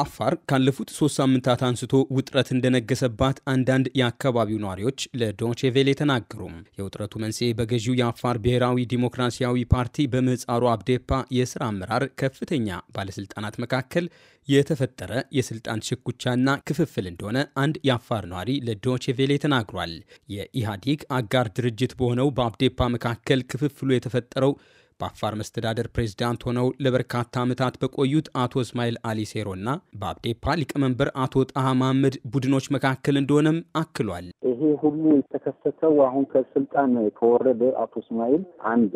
አፋር ካለፉት ሶስት ሳምንታት አንስቶ ውጥረት እንደነገሰባት አንዳንድ የአካባቢው ነዋሪዎች ለዶቼቬሌ ተናገሩ። የውጥረቱ መንስኤ በገዢው የአፋር ብሔራዊ ዲሞክራሲያዊ ፓርቲ በምህጻሩ አብዴፓ የስራ አመራር ከፍተኛ ባለስልጣናት መካከል የተፈጠረ የስልጣን ሽኩቻና ክፍፍል እንደሆነ አንድ የአፋር ነዋሪ ለዶቼቬሌ ተናግሯል። የኢህአዴግ አጋር ድርጅት በሆነው በአብዴፓ መካከል ክፍፍሉ የተፈጠረው በአፋር መስተዳደር ፕሬዝዳንት ሆነው ለበርካታ ዓመታት በቆዩት አቶ እስማኤል አሊ ሴሮና በአብዴፓ ሊቀመንበር አቶ ጣሃ መሐመድ ቡድኖች መካከል እንደሆነም አክሏል። ይሄ ሁሉ የተከሰተው አሁን ከስልጣን ከወረደ አቶ እስማኤል አንድ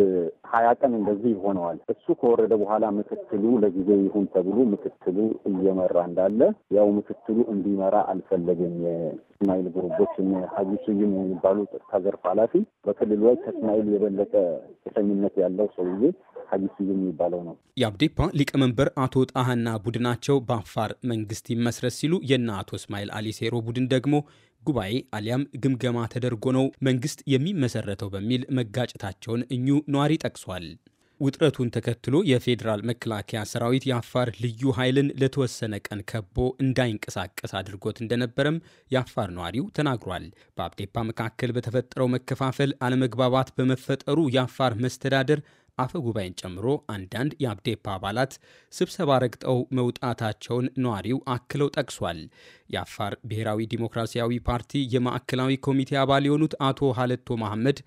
ሀያ ቀን እንደዚህ ይሆነዋል። እሱ ከወረደ በኋላ ምክትሉ ለጊዜ ይሁን ተብሎ ምክትሉ እየመራ እንዳለ ያው ምክትሉ እንዲመራ አልፈለግም የእስማኤል ጉርቦች ሀጂ ስዩም የሚባሉ ጸጥታ ዘርፍ ኃላፊ በክልሉ ላይ ከእስማኤል የበለጠ ተሰሚነት ያለው ሰው ጊዜ ሀዲሲዝ የሚባለው ነው። የአብዴፓ ሊቀመንበር አቶ ጣህና ቡድናቸው በአፋር መንግስት ይመስረት ሲሉ የእነ አቶ እስማኤል አሊ ሴሮ ቡድን ደግሞ ጉባኤ አሊያም ግምገማ ተደርጎ ነው መንግስት የሚመሰረተው በሚል መጋጨታቸውን እኙ ነዋሪ ጠቅሷል። ውጥረቱን ተከትሎ የፌዴራል መከላከያ ሰራዊት የአፋር ልዩ ኃይልን ለተወሰነ ቀን ከቦ እንዳይንቀሳቀስ አድርጎት እንደነበረም የአፋር ነዋሪው ተናግሯል። በአብዴፓ መካከል በተፈጠረው መከፋፈል አለመግባባት በመፈጠሩ የአፋር መስተዳደር አፈ ጉባኤን ጨምሮ አንዳንድ የአብዴፓ አባላት ስብሰባ ረግጠው መውጣታቸውን ነዋሪው አክለው ጠቅሷል። የአፋር ብሔራዊ ዲሞክራሲያዊ ፓርቲ የማዕከላዊ ኮሚቴ አባል የሆኑት አቶ ሀለቶ መሐመድ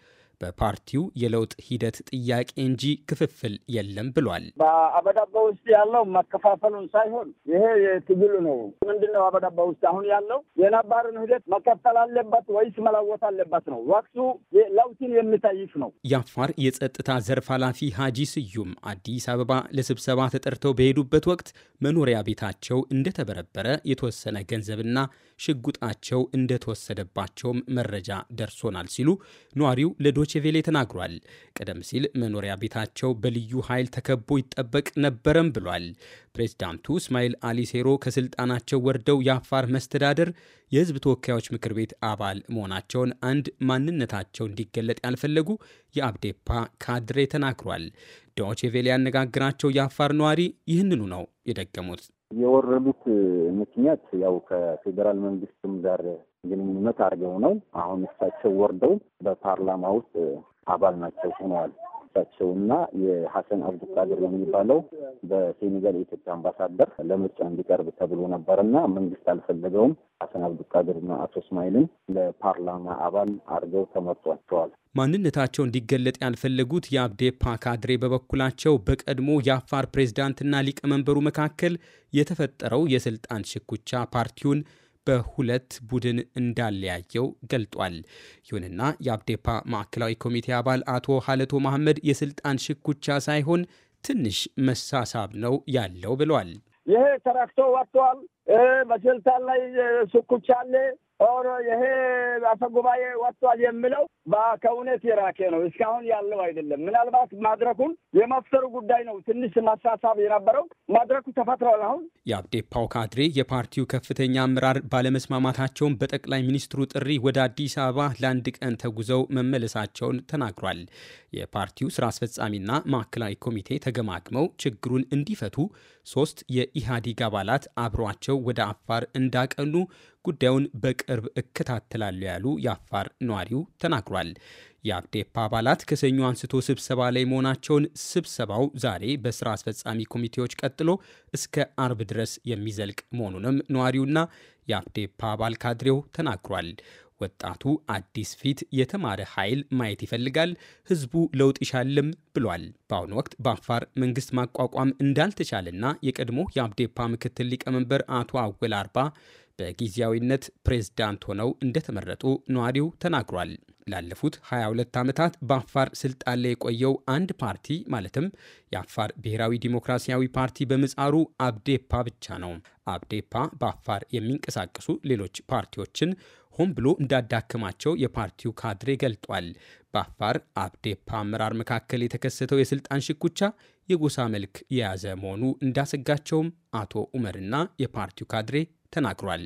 በፓርቲው የለውጥ ሂደት ጥያቄ እንጂ ክፍፍል የለም ብሏል። በአበዳባ ውስጥ ያለው መከፋፈሉን ሳይሆን ይሄ የትግሉ ነው። ምንድነው አበዳባ ውስጥ አሁን ያለው የነባርን ሂደት መቀጠል አለበት ወይስ መለወጥ አለበት ነው። ወቅቱ ለውጥን የሚጠይቅ ነው። የአፋር የጸጥታ ዘርፍ ኃላፊ ሀጂ ስዩም አዲስ አበባ ለስብሰባ ተጠርተው በሄዱበት ወቅት መኖሪያ ቤታቸው እንደተበረበረ የተወሰነ ገንዘብና ሽጉጣቸው እንደተወሰደባቸውም መረጃ ደርሶናል ሲሉ ነዋሪው ለዶ ለዶቼ ቬሌ ተናግሯል። ቀደም ሲል መኖሪያ ቤታቸው በልዩ ኃይል ተከቦ ይጠበቅ ነበረም ብሏል። ፕሬዚዳንቱ እስማኤል አሊ ሴሮ ከስልጣናቸው ወርደው የአፋር መስተዳደር የህዝብ ተወካዮች ምክር ቤት አባል መሆናቸውን አንድ ማንነታቸው እንዲገለጥ ያልፈለጉ የአብዴፓ ካድሬ ተናግሯል። ዶቼ ቬሌ ያነጋግራቸው የአፋር ነዋሪ ይህንኑ ነው የደገሙት። የወረዱት ምክንያት ያው ከፌዴራል መንግስትም ጋር ግንኙነት አድርገው ነው። አሁን እሳቸው ወርደው በፓርላማ ውስጥ አባል ናቸው ሆነዋል። እና የሀሰን አብዱቃድር የሚባለው በሴኔጋል የኢትዮጵያ አምባሳደር ለምርጫ እንዲቀርብ ተብሎ እና መንግስት አልፈለገውም። ሀሰን አብዱቃድርና አቶ እስማኤልን ለፓርላማ አባል አድርገው ተመርጧቸዋል። ማንነታቸው እንዲገለጥ ያልፈለጉት የአብዴፓ ካድሬ በበኩላቸው በቀድሞ የአፋር ፕሬዝዳንትና ሊቀመንበሩ መካከል የተፈጠረው የስልጣን ሽኩቻ ፓርቲውን በሁለት ቡድን እንዳለያየው ገልጧል። ይሁንና የአብዴፓ ማዕከላዊ ኮሚቴ አባል አቶ ሀለቶ መሐመድ የስልጣን ሽኩቻ ሳይሆን ትንሽ መሳሳብ ነው ያለው ብሏል። ይሄ ተረክቶ ወጥቷል። በስልጣን ላይ ሽኩቻ አለ ኦሮ ይሄ አፈ ጉባኤ ወጥቷል የምለው ከእውነት የራኬ ነው። እስካሁን ያለው አይደለም። ምናልባት ማድረኩን የመፍጠሩ ጉዳይ ነው ትንሽ ማሳሳብ የነበረው። ማድረኩ ተፈጥሯል። አሁን የአብዴፓው ካድሬ የፓርቲው ከፍተኛ አመራር ባለመስማማታቸውን በጠቅላይ ሚኒስትሩ ጥሪ ወደ አዲስ አበባ ለአንድ ቀን ተጉዘው መመለሳቸውን ተናግሯል። የፓርቲው ስራ አስፈጻሚና ማዕከላዊ ኮሚቴ ተገማግመው ችግሩን እንዲፈቱ ሶስት የኢህአዴግ አባላት አብሯቸው ወደ አፋር እንዳቀኑ ጉዳዩን በቅርብ እከታተላለሁ ያሉ የአፋር ነዋሪው ተናግሯል። የአብዴፓ አባላት ከሰኞ አንስቶ ስብሰባ ላይ መሆናቸውን ስብሰባው ዛሬ በስራ አስፈጻሚ ኮሚቴዎች ቀጥሎ እስከ አርብ ድረስ የሚዘልቅ መሆኑንም ነዋሪውና የአብዴፓ አባል ካድሬው ተናግሯል። ወጣቱ አዲስ ፊት የተማረ ኃይል ማየት ይፈልጋል፣ ህዝቡ ለውጥ ይሻልም ብሏል። በአሁኑ ወቅት በአፋር መንግስት ማቋቋም እንዳልተቻለና የቀድሞ የአብዴፓ ምክትል ሊቀመንበር አቶ አወል አርባ በጊዜያዊነት ፕሬዝዳንት ሆነው እንደተመረጡ ነዋሪው ተናግሯል። ላለፉት 22 ዓመታት በአፋር ስልጣን ላይ የቆየው አንድ ፓርቲ ማለትም የአፋር ብሔራዊ ዲሞክራሲያዊ ፓርቲ በምጻሩ አብዴፓ ብቻ ነው። አብዴፓ በአፋር የሚንቀሳቀሱ ሌሎች ፓርቲዎችን ሆን ብሎ እንዳዳከማቸው የፓርቲው ካድሬ ገልጧል። በአፋር አብዴፓ አመራር መካከል የተከሰተው የስልጣን ሽኩቻ የጎሳ መልክ የያዘ መሆኑ እንዳሰጋቸውም አቶ ኡመርና የፓርቲው ካድሬ ተናግሯል።